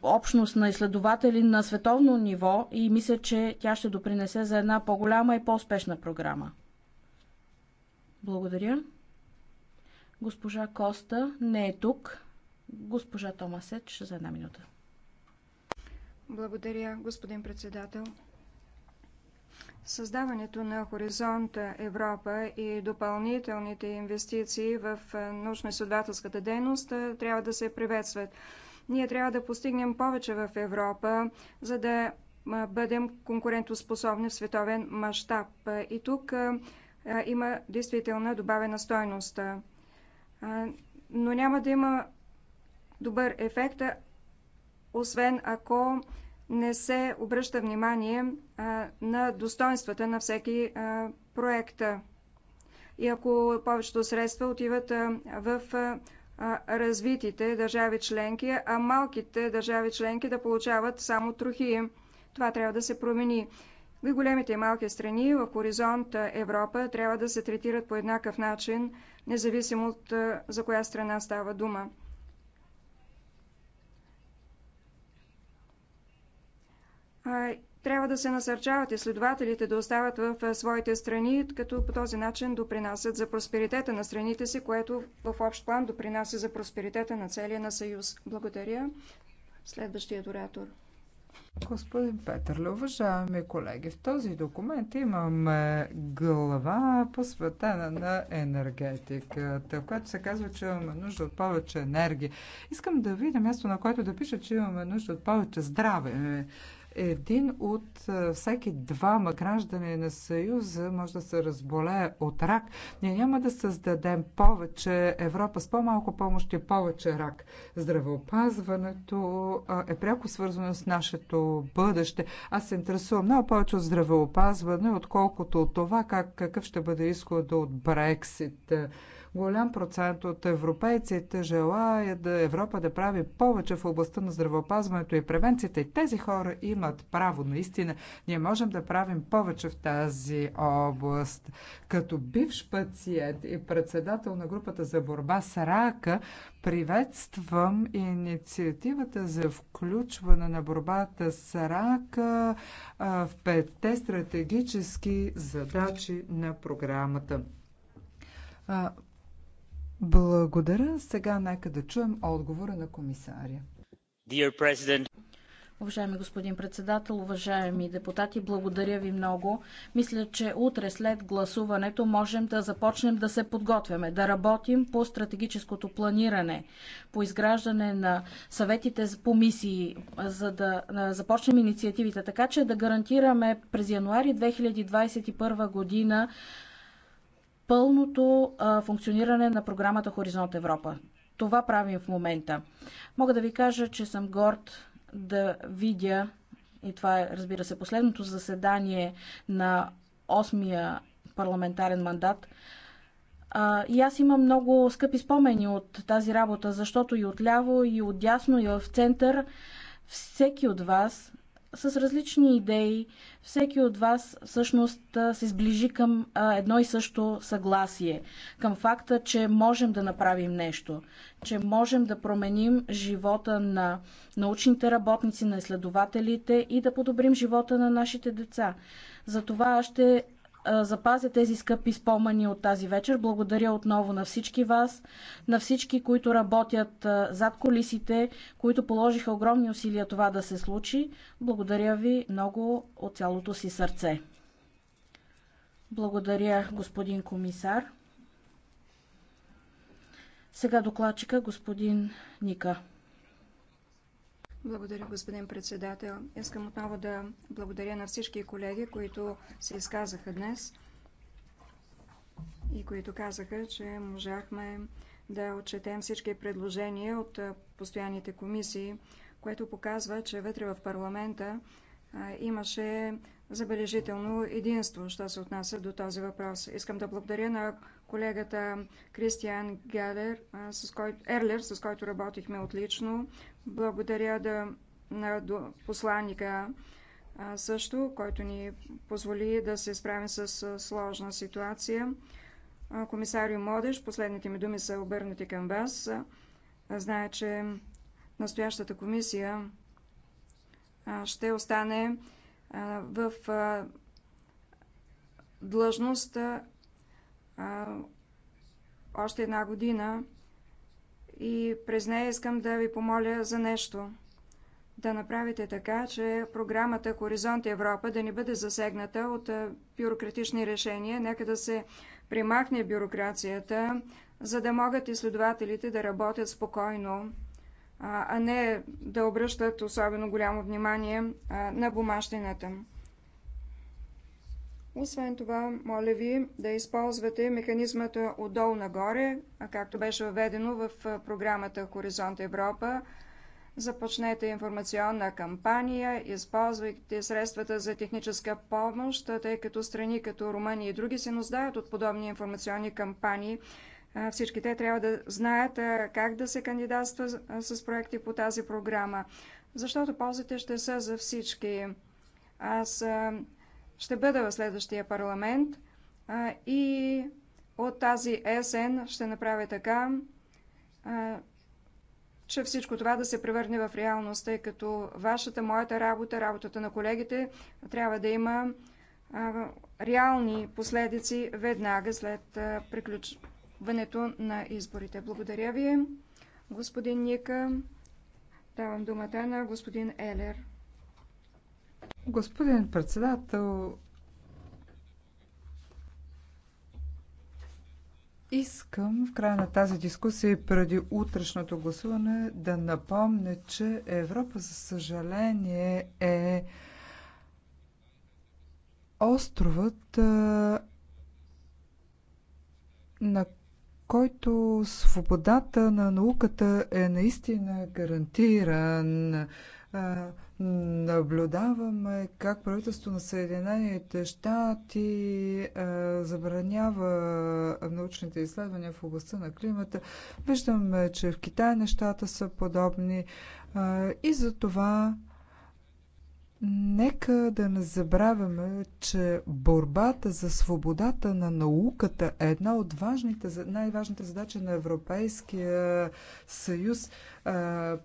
общност на изследователи на световно ниво и мисля, че тя ще допринесе за една по-голяма и по-успешна програма. Благодаря. Госпожа Коста не е тук. Госпожа ще за една минута. Благодаря, господин председател. Създаването на Хоризонта Европа и допълнителните инвестиции в научно-изследователската дейност трябва да се приветстват. Ние трябва да постигнем повече в Европа, за да бъдем конкурентоспособни в световен мащаб. И тук има действителна добавена стойност. Но няма да има добър ефект, освен ако не се обръща внимание на достоинствата на всеки проект. И ако повечето средства отиват в развитите държави членки, а малките държави членки да получават само трохи. Това трябва да се промени. И големите и малки страни в хоризонт Европа трябва да се третират по еднакъв начин, независимо от за коя страна става дума. Трябва да се насърчават изследователите да остават в своите страни, като по този начин допринасят за просперитета на страните си, което в общ план допринася за просперитета на целия на Съюз. Благодаря. Следващият оратор. Господин Петърле, уважаеми колеги, в този документ имаме глава посветена на енергетиката, в която се казва, че имаме нужда от повече енергия. Искам да видя място, на което да пише, че имаме нужда от повече здраве един от всеки двама граждани на Съюза може да се разболее от рак, ние няма да създадем повече Европа с по-малко помощ и повече рак. Здравеопазването е пряко свързано с нашето бъдеще. Аз се интересувам много повече от здравеопазване, отколкото от това как, какъв ще бъде изхода от Брексит. Голям процент от европейците желаят да Европа да прави повече в областта на здравеопазването и превенцията. И тези хора имат право, наистина. Ние можем да правим повече в тази област. Като бивш пациент и председател на групата за борба с рака, приветствам инициативата за включване на борбата с рака в петте стратегически задачи на програмата. Благодаря. Сега нека да чуем отговора на комисаря. Уважаеми господин председател, уважаеми депутати, благодаря ви много. Мисля, че утре след гласуването можем да започнем да се подготвяме, да работим по стратегическото планиране, по изграждане на съветите по мисии, за да започнем инициативите, така че да гарантираме през януари 2021 година пълното а, функциониране на програмата Хоризонт Европа. Това правим в момента. Мога да ви кажа, че съм горд да видя, и това е, разбира се, последното заседание на 8-я парламентарен мандат, а, и аз имам много скъпи спомени от тази работа, защото и отляво, и отдясно, и в център всеки от вас с различни идеи. Всеки от вас всъщност се сближи към едно и също съгласие, към факта, че можем да направим нещо, че можем да променим живота на научните работници, на изследователите и да подобрим живота на нашите деца. Затова аз ще запазя тези скъпи спомени от тази вечер. Благодаря отново на всички вас, на всички, които работят зад колисите, които положиха огромни усилия това да се случи. Благодаря ви много от цялото си сърце. Благодаря, господин комисар. Сега докладчика господин Ника. Благодаря, господин председател. Искам отново да благодаря на всички колеги, които се изказаха днес и които казаха, че можахме да отчетем всички предложения от постоянните комисии, което показва, че вътре в парламента имаше забележително единство, що се отнася до този въпрос. Искам да благодаря на колегата Кристиан Гелер, с който, Ерлер, с който работихме отлично. Благодаря да, на посланника също, който ни позволи да се справим с сложна ситуация. Комисарио Модеш, последните ми думи са обърнати към вас. Знае, че настоящата комисия ще остане в длъжност още една година и през нея искам да ви помоля за нещо. Да направите така, че програмата Хоризонт Европа да не бъде засегната от бюрократични решения. Нека да се примахне бюрокрацията, за да могат изследователите да работят спокойно а не да обръщат особено голямо внимание на бумащината. Освен това, моля ви да използвате механизмата отдолу нагоре, както беше введено в програмата Хоризонт Европа. Започнете информационна кампания, използвайте средствата за техническа помощ, тъй като страни като Румъния и други се нуждаят от подобни информационни кампании, всички те трябва да знаят как да се кандидатства с проекти по тази програма, защото ползите ще са за всички. Аз ще бъда в следващия парламент и от тази есен ще направя така, че всичко това да се превърне в реалност, тъй като вашата, моята работа, работата на колегите трябва да има реални последици веднага след приключването вънето на изборите. Благодаря ви, господин Ника. Давам думата на господин Елер. Господин председател, Искам в края на тази дискусия преди утрешното гласуване да напомня, че Европа, за съжаление, е островът, на който свободата на науката е наистина гарантиран. Наблюдаваме как правителството на Съединените щати забранява научните изследвания в областта на климата. Виждаме, че в Китай нещата са подобни и за това Нека да не забравяме, че борбата за свободата на науката е една от важните, най-важните задачи на Европейския съюз. А,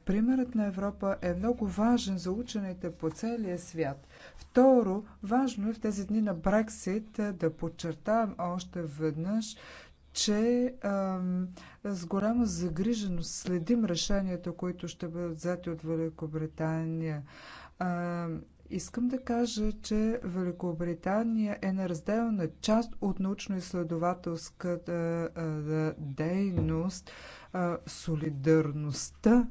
примерът на Европа е много важен за учените по целия свят. Второ, важно е в тези дни на Брексит да подчертаем още веднъж, че а, с голяма загриженост следим решенията, които ще бъдат взети от Великобритания. А, искам да кажа, че Великобритания е на разделна част от научно-изследователската дейност, а, солидарността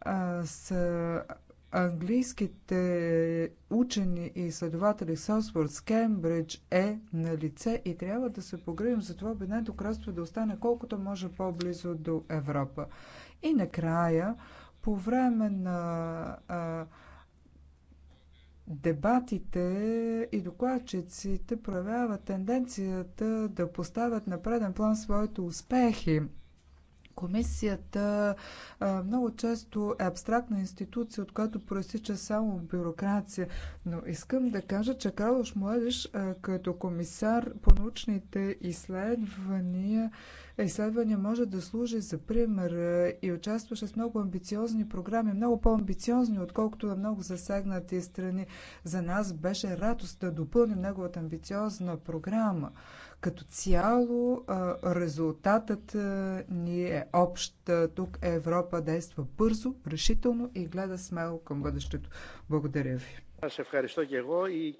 а, с английските учени и изследователи Сосфорд, Кембридж е на лице и трябва да се погрежим за това Обединеното кралство да остане колкото може по-близо до Европа. И накрая, по време на а, Дебатите и докладчиците проявяват тенденцията да поставят на преден план своите успехи Комисията много често е абстрактна институция, от която проистича само бюрокрация. Но искам да кажа, че Калош Младиш като комисар по научните изследвания, изследвания може да служи за пример и участваше с много амбициозни програми, много по-амбициозни, отколкото на много засегнати страни. За нас беше радост да допълним неговата амбициозна програма. Като цяло резултатът ни е общ. Тук Европа действа бързо, решително и гледа смело към бъдещето. Благодаря ви. Е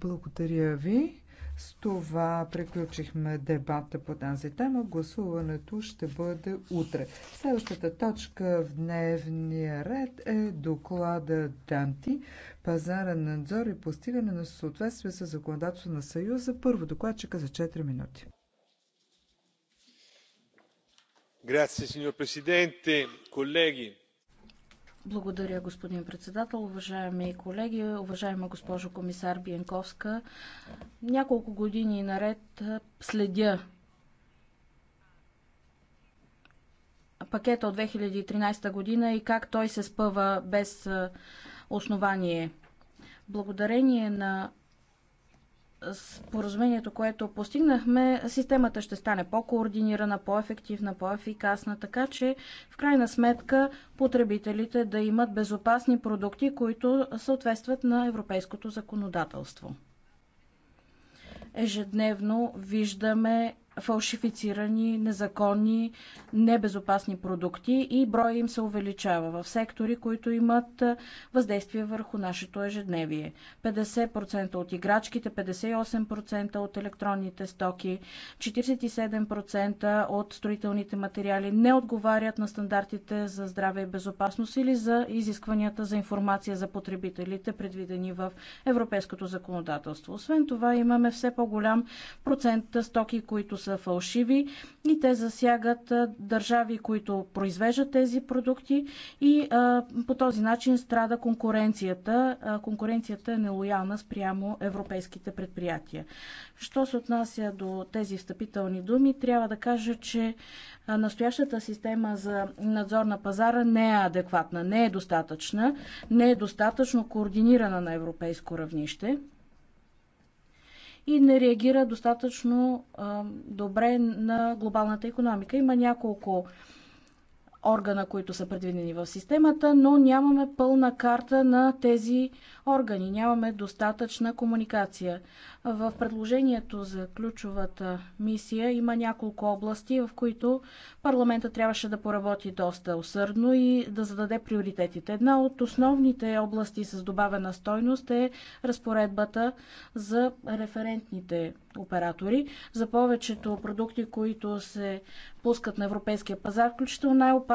Благодаря ви. С това приключихме дебата по тази тема. Гласуването ще бъде утре. Следващата точка в дневния ред е доклада Данти, пазарен надзор и постигане на съответствие с законодателство на Съюза. Първо докладчика за 4 минути. Grazie signor Presidente, colleghi благодаря, господин председател. Уважаеми колеги, уважаема госпожо комисар Биенковска, няколко години наред следя пакета от 2013 година и как той се спъва без основание. Благодарение на споразумението, което постигнахме, системата ще стане по-координирана, по-ефективна, по-ефикасна, така че в крайна сметка потребителите да имат безопасни продукти, които съответстват на европейското законодателство. Ежедневно виждаме фалшифицирани, незаконни, небезопасни продукти и броя им се увеличава в сектори, които имат въздействие върху нашето ежедневие. 50% от играчките, 58% от електронните стоки, 47% от строителните материали не отговарят на стандартите за здраве и безопасност или за изискванията за информация за потребителите, предвидени в европейското законодателство. Освен това, имаме все по-голям процент стоки, които са фалшиви и те засягат държави, които произвеждат тези продукти и по този начин страда конкуренцията. Конкуренцията е нелоялна спрямо европейските предприятия. Що се отнася до тези встъпителни думи, трябва да кажа, че настоящата система за надзор на пазара не е адекватна, не е достатъчна, не е достатъчно координирана на европейско равнище и не реагира достатъчно добре на глобалната економика. Има няколко органа, които са предвидени в системата, но нямаме пълна карта на тези органи. Нямаме достатъчна комуникация. В предложението за ключовата мисия има няколко области, в които парламента трябваше да поработи доста усърдно и да зададе приоритетите. Една от основните области с добавена стойност е разпоредбата за референтните оператори. За повечето продукти, които се пускат на европейския пазар, включително най опасно